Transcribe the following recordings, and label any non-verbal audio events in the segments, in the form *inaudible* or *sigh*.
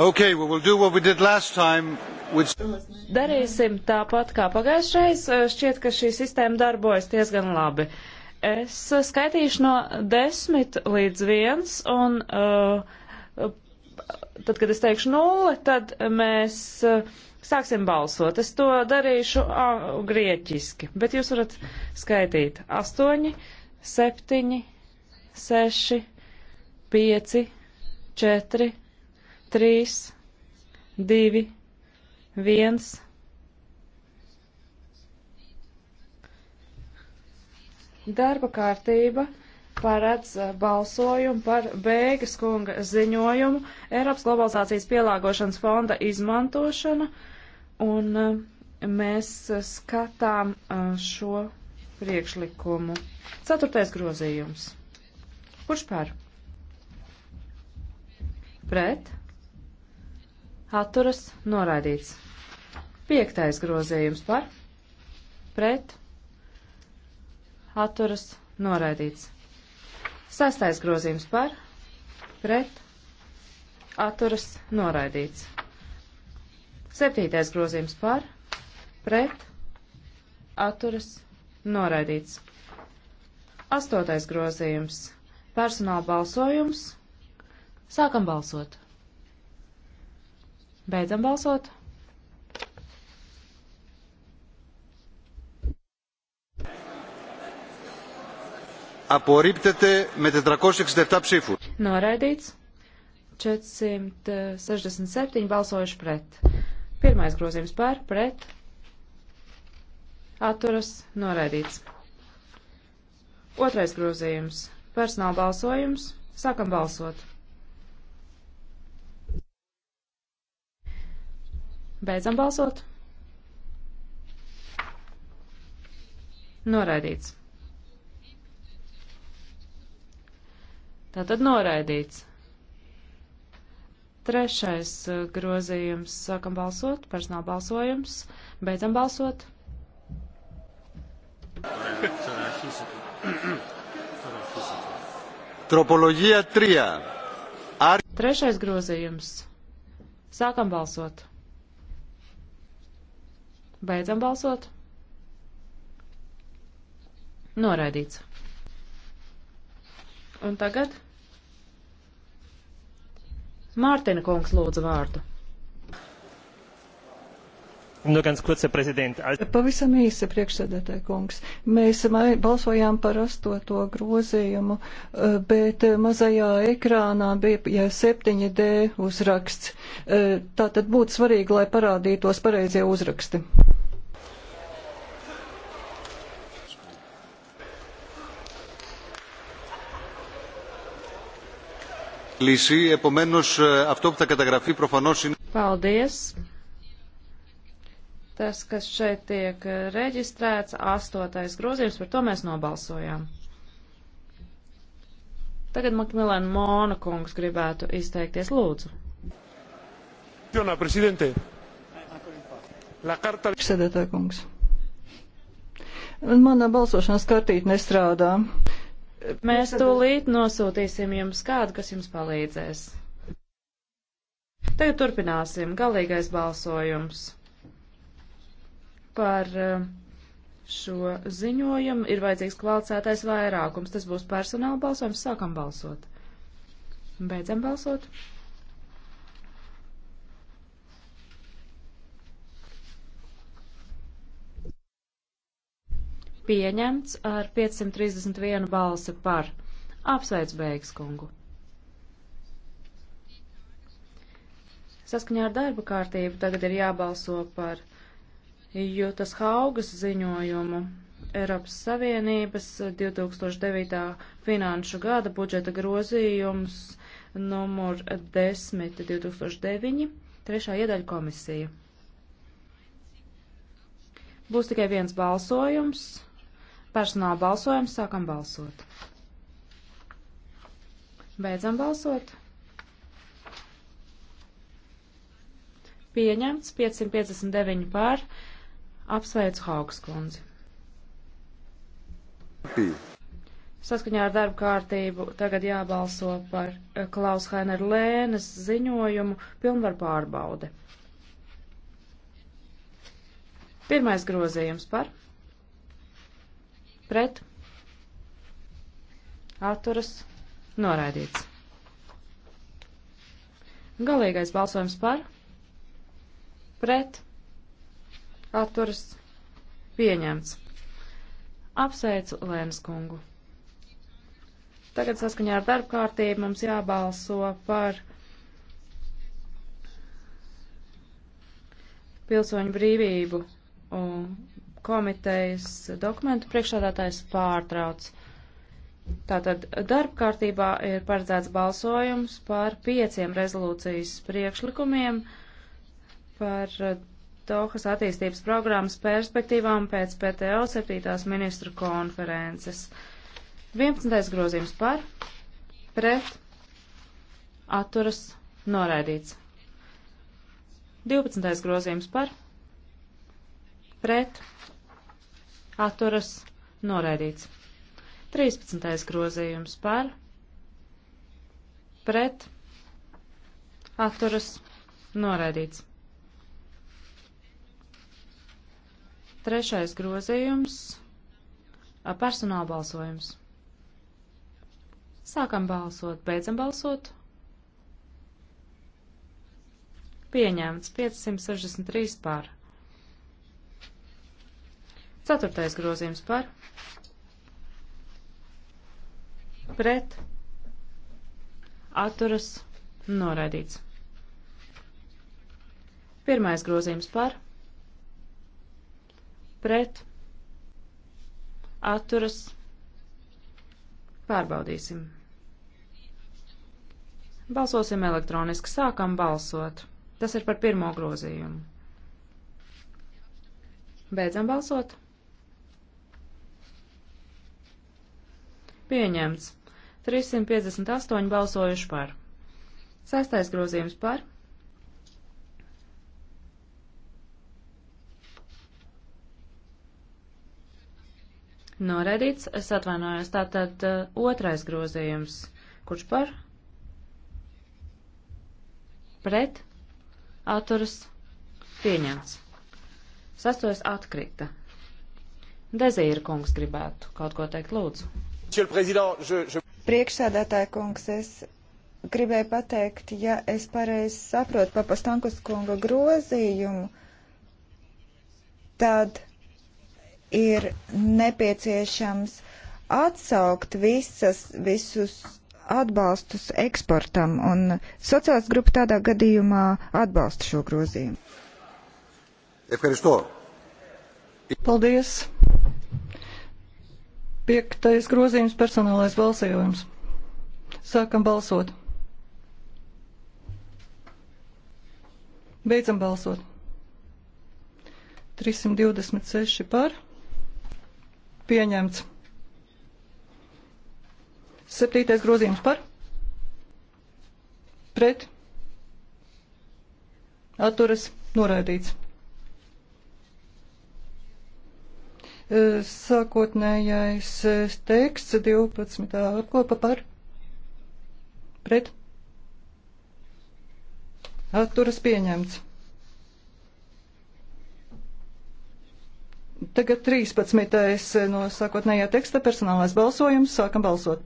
Okay, we will do what we did last time. With... Darīsim tāpat kā pagājušreiz. Eh, šķiet, ka šī sistēma darbojas diezgan labi. Es eh, skaitīšu no desmit līdz viens, un uh, tad, kad es teikšu nulle, tad mēs uh, sāksim balsot. Es to darīšu uh, grieķiski, bet jūs varat skaitīt astoņi, septiņi, seši, pieci, četri, 3, 2, 1. Darba kārtība paredz eh, balsojumu par Bēgas kunga ziņojumu Eiropas globalizācijas pielāgošanas fonda izmantošana, un eh, mēs eh, skatām šo priekšlikumu. Ceturtais grozījums. Kurš par? Pret? atturas noraidīts. Piektais grozījums par pret atturas noraidīts. Sastais grozījums par pret atturas noraidīts. Septītais grozījums par pret atturas noraidīts. Astotais grozījums personāla balsojums. Sākam balsot! Beidzam balsot. Απορρίπτεται με 467 ψήφους. Noraidīts. 467 balsojuši pret. Pirmais grozījums par, pret, atturas, noraidīts. Otrais grozījums. Personāla balsojums. Sākam balsot. Beidzam balsot. Noraidīts. Tātad noraidīts. Trešais uh, grozījums. Sākam balsot. Personāla balsojums. Beidzam balsot. Tropoloģija 3. Ar... Trešais grozījums. Sākam balsot. Beidzam balsot. Noraidīts. Un tagad? Mārtiņa kungs lūdzu vārdu. Nu, gan skluce prezidenta. Pavisam īsi priekšsēdētāji kungs. Mēs mai, balsojām par astoto grozījumu, eh, bet mazajā ekrānā bija 7D uzraksts. Eh, Tātad būtu svarīgi, lai parādītos pareizie uzraksti. λύση. Επομένως, αυτό που θα καταγραφεί προφανώς είναι... Paldies. Tas, kas šeit tiek reģistrēts, astotais grozījums, par to mēs nobalsojām. Tagad Makmilēna Mona kungs gribētu izteikties lūdzu. Priekšsēdētāja kungs. Manā balsošanas kartīte nestrādā. Mēs tūlīt nosūtīsim jums kādu, kas jums palīdzēs. Tagad turpināsim. Galīgais balsojums par eh, šo ziņojumu ir vajadzīgs kvalificētais vairākums. Tas būs personāla balsojums. Sākam balsot. Beidzam balsot. pieņemts ar 531 balsi par. Apsveic Beigas kungu. Saskaņā ar darba kārtību tagad ir jābalso par Jūtas Haugas ziņojumu Eiropas Savienības 2009. finanšu gada budžeta grozījums numur 10 2009, trešā iedaļa komisija. Būs tikai viens balsojums. Personāla balsojums sākam balsot. Beidzam balsot. Pieņemts 559 pār. Apsveicu Haugas kundzi. Saskaņā ar darbu kārtību tagad jābalso par eh, Klaus Hainer Lēnes ziņojumu pilnvar pārbaude. Pirmais grozījums par pret atturas noraidīts. Galīgais balsojums par pret atturas pieņemts. Apsveicu Lēnas kungu. Tagad saskaņā ar darba kārtību mums jābalso par pilsoņu brīvību un komitejas dokumentu priekšādātājs pārtrauc. Tātad darbkārtībā ir paredzēts balsojums par pieciem rezolūcijas priekšlikumiem par Dohas attīstības programmas perspektīvām pēc PTO 7. ministru konferences. 11. grozījums par, pret, atturas, noraidīts. 12. grozījums par, pret, atturas, noraidīts. 13. grozījums par, pret, atturas, noraidīts. Trešais grozījums - personāla balsojums. Sākam balsot, beidzam balsot. Pieņemts 563 pār. Ceturtais grozījums par pret atturas noraidīts. Pirmais grozījums par pret atturas pārbaudīsim. Balsosim elektroniski, sākam balsot. Tas ir par pirmo grozījumu. Beidzam balsot. Pieņemts. 358 balsojuši par. Sestais grozījums par. Noredīts, es atvainojos, tātad uh, otrais grozījums. Kurš par? Pret? Atturas? Pieņemts. Sastos atkrita. Dezīra kungs gribētu kaut ko teikt lūdzu. Priekšsēdētāja kungs, es gribēju pateikt, ja es pareizi saprotu papastankus kunga grozījumu, tad ir nepieciešams atsaukt visas, visus atbalstus eksportam, un sociāls grupa tādā gadījumā atbalsta šo grozījumu. Paldies! Piektais grozījums - personālais balsojums. Sākam balsot. Beidzam balsot. 326 par. Pieņemts. Septītais grozījums par. Pret. Atturas. Noraidīts. Eh, sākotnējais eh, teksts 12. apkopa par pret atturas pieņemts. Tagad 13. Eh, no sākotnējā teksta personālais balsojums. Sākam balsot.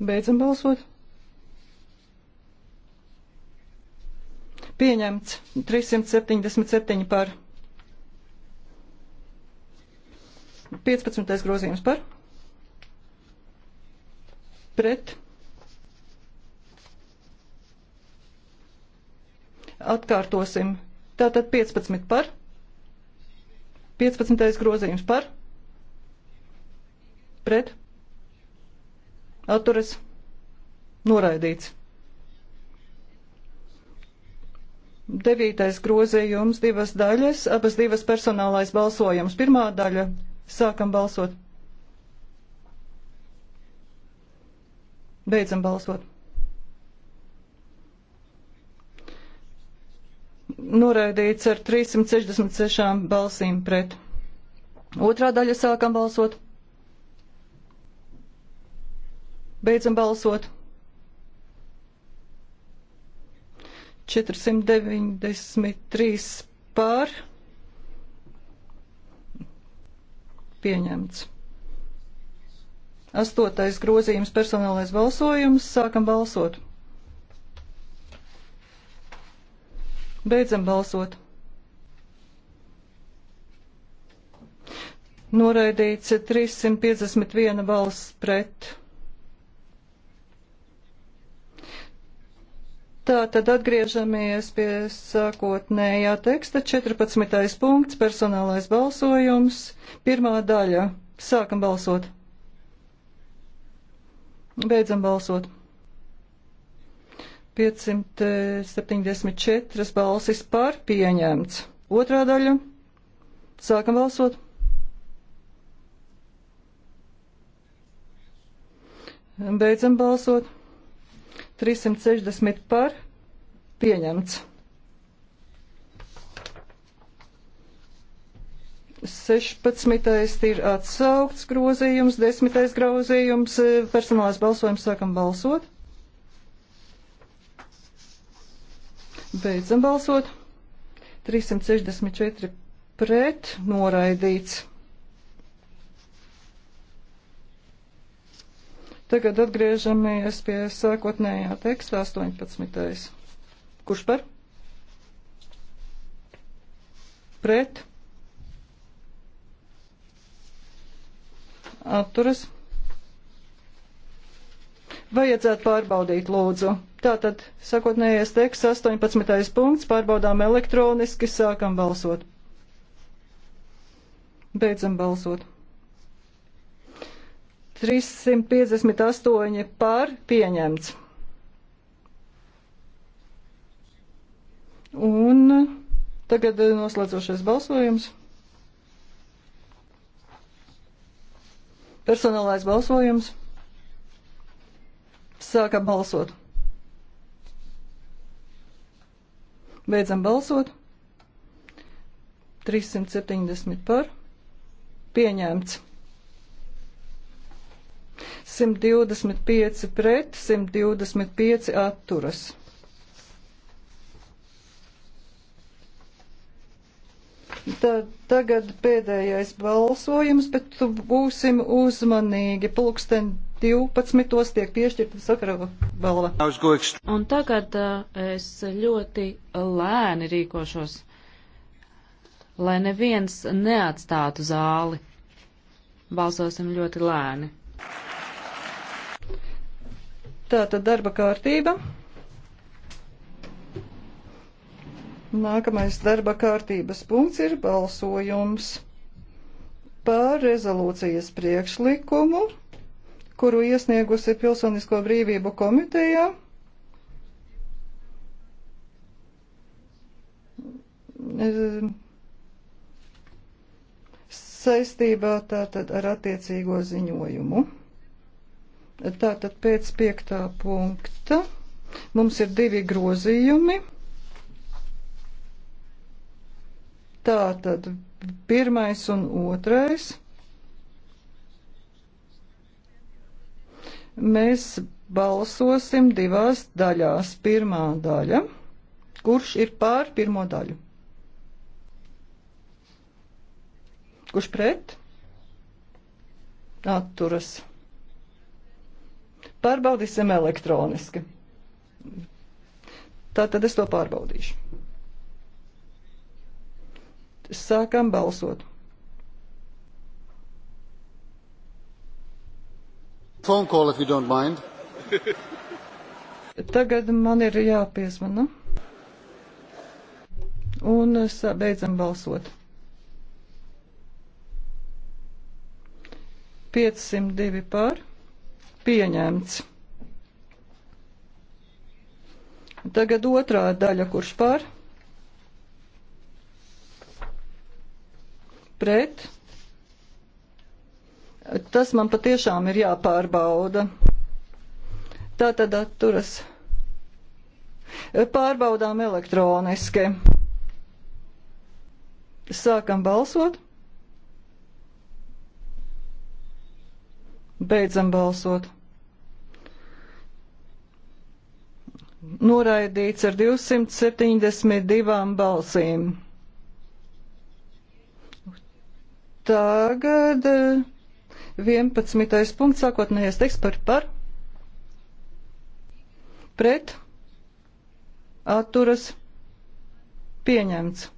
Beidzam balsot. Pieņemts 377 par 15. grozījums par pret atkārtosim. Tātad 15 par 15. grozījums par pret atturas noraidīts. Devītais grozījums divas daļas, abas divas personālais balsojums. Pirmā daļa. Sākam balsot. Beidzam balsot. Noraidīts ar 366 balsīm pret. Otrā daļa sākam balsot. Beidzam balsot. 493 pār pieņemts. Astotais grozījums personālais balsojums. Sākam balsot. Beidzam balsot. Noraidīts 351 balss pret. Tā tad atgriežamies pie sākotnējā teksta. 14. punkts, personālais balsojums, pirmā daļa. Sākam balsot. Beidzam balsot. 574 balsis par pieņemts. Otrā daļa. Sākam balsot. Beidzam balsot. 360 par pieņemts. 16. ir atsaukts grozījums, 10. grozījums, e, personālais balsojums sākam balsot. Beidzam balsot. 364 pret noraidīts. Tagad atgriežamies pie sākotnējā teksta 18. Kurš par? Pret? Atturas? Vajadzētu pārbaudīt, lūdzu. Tātad, sakotnējais teksts, 18. punkts, pārbaudām elektroniski, sākam balsot. Beidzam balsot. 358 pār pieņemts. Un tagad eh, noslēdzošais balsojums. Personālais balsojums. Sākam balsot. Beidzam balsot. 370 par. Pieņemts. 125 pret, 125 atturas. Tad tagad pēdējais balsojums, bet būsim uzmanīgi. Pulksten 12. tiek piešķirta Sakarava balva. Un tagad eh, es ļoti lēni rīkošos, lai neviens neatstātu zāli. Balsosim ļoti lēni. Tātad darba kārtība. Nākamais darba kārtības punkts ir balsojums par rezolūcijas priekšlikumu, kuru iesniegusi Pilsonisko brīvību komitejā. saistībā tātad ar attiecīgo ziņojumu. Tātad pēc piektā punkta mums ir divi grozījumi. Tātad pirmais un otrais. Mēs balsosim divās daļās. Pirmā daļa. Kurš ir pār pirmo daļu? Kurš pret? Atturas. Pārbaudīsim elektroniski. Tātad es to pārbaudīšu. Sākam balsot. Phone call if you don't mind. *laughs* Tagad man ir jāpiezvana. Un es eh, beidzam balsot. 502 pār pieņemts. Tagad otrā daļa, kurš par, pret. Tas man patiešām ir jāpārbauda. Tā tad atturas. Pārbaudām elektroniski. Sākam balsot. Beidzam balsot. Noraidīts ar 272 balsīm. Tagad 11. Eh, punkts sākotnējais teksts par par pret atturas pieņemts.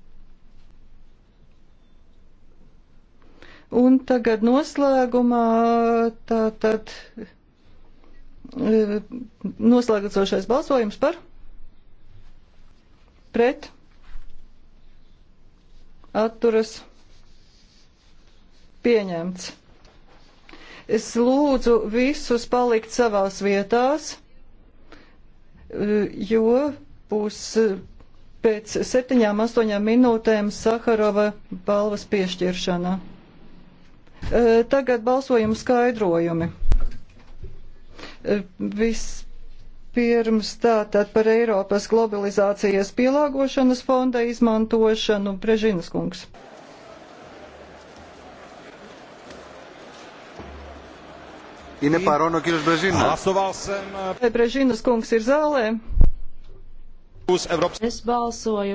Un tagad noslēgumā tātad e, noslēgcošais balsojums par pret atturas pieņemts. Es lūdzu visus palikt savās vietās, e, jo būs e, pēc septiņām, astoņām minūtēm Saharova balvas piešķiršana. Tagad balsojumu skaidrojumi. Viss pirms tātad par Eiropas globalizācijas pielāgošanas fonda izmantošanu Brežinas kungs. Είναι παρόν ο κύριος Μπρεζίνας. Μπρεζίνας κούγκς ir zālē. Es balsoju